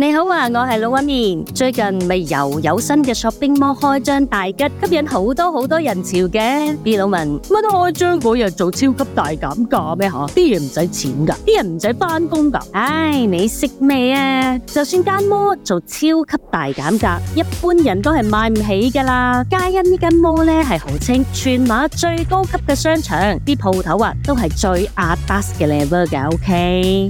你好啊，我係老阿面。最近咪又有新嘅 shopping mall 開張大吉，吸引好多好多人潮嘅。B 佬問乜都開張嗰日做超級大減價咩吓？啲嘢唔使錢噶，啲人唔使翻工噶。唉，你識咩啊？就算間 mall 做超級大減價，一般人都係買唔起噶啦。皆因呢間 mall 咧係號稱全馬最高級嘅商場，啲鋪頭啊都係最阿巴斯嘅 level 嘅。OK，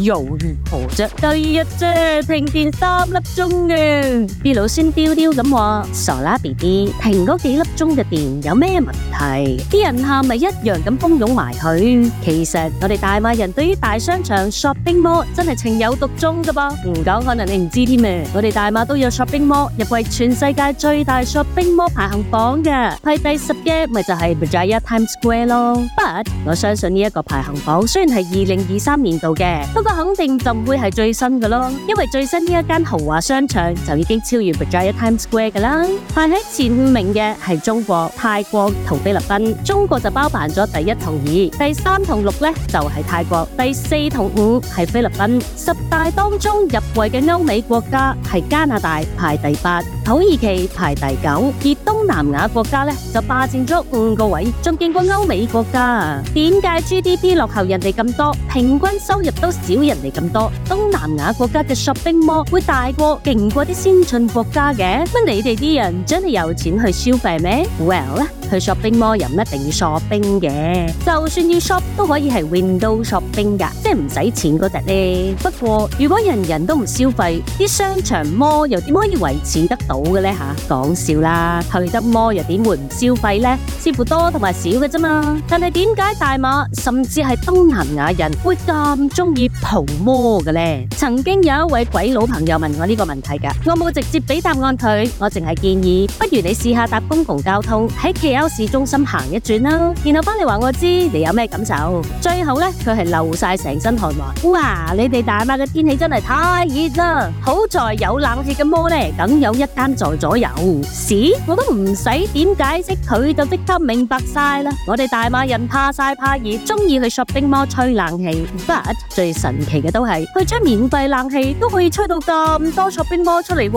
又如何啫？第二日。停電三粒鐘嘅，啲老孫丟丟咁話，傻啦，B B 停嗰幾粒鐘嘅電有咩問題？啲人喊咪一樣咁蜂擁埋去。其實我哋大馬人對於大商場 shopping mall 真係情有獨鍾噶噃，唔講可能你唔知添啊！我哋大馬都有 shopping mall 入圍全世界最大 shopping mall 排行榜嘅，排第十嘅咪就係 Berjaya Times Square 咯。But 我相信呢一個排行榜雖然係二零二三年度嘅，不過肯定就唔會係最新噶咯。因為最新呢一間豪華商場就已經超越 Berjaya Times Square 噶啦，排喺前五名嘅係中國、泰國同菲律賓，中國就包辦咗第一同二，第三同六呢就係、是、泰國，第四同五係菲律賓，十大當中入圍嘅歐美國家係加拿大排第八。土耳其排第九，而東南亞國家呢，就霸占咗五個位，仲勁過歐美國家啊？點解 GDP 落後人哋咁多，平均收入都少人哋咁多？東南亞國家嘅 shopping mall 會大過勁過啲先進國家嘅？乜你哋啲人真係有錢去消費咩？Well。去 shopping mall 又唔一定要 shopping 嘅，就算要 shop 都可以係 window shopping 噶即係唔使錢嗰隻咧。不過如果人人都唔消費，啲商場 mall 又點可以維持得到嘅咧吓？講笑啦，去得摩又點會唔消費咧？似乎多同埋少嘅啫嘛。但係點解大馬甚至係東南亞人會咁中意蒲摩嘅咧？曾經有一位鬼佬朋友問我呢個問題噶我冇直接俾答案佢，我淨係建議，不如你試下搭公共交通喺其市中心行一轉啦，然後翻嚟話我知你有咩感受。最後呢，佢係流晒成身汗話：哇，你哋大馬嘅天氣真係太熱啦！好在有冷氣嘅摩呢，梗有一間在左右。屎，我都唔使點解釋，佢就即刻明白晒啦。我哋大馬人怕晒怕熱，中意去 shopping mall 吹冷氣。But 最神奇嘅都係，佢將免費冷氣都可以吹到咁多 shopping mall 出嚟。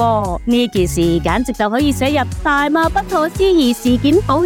呢件事簡直就可以寫入大馬不可思議事件簿。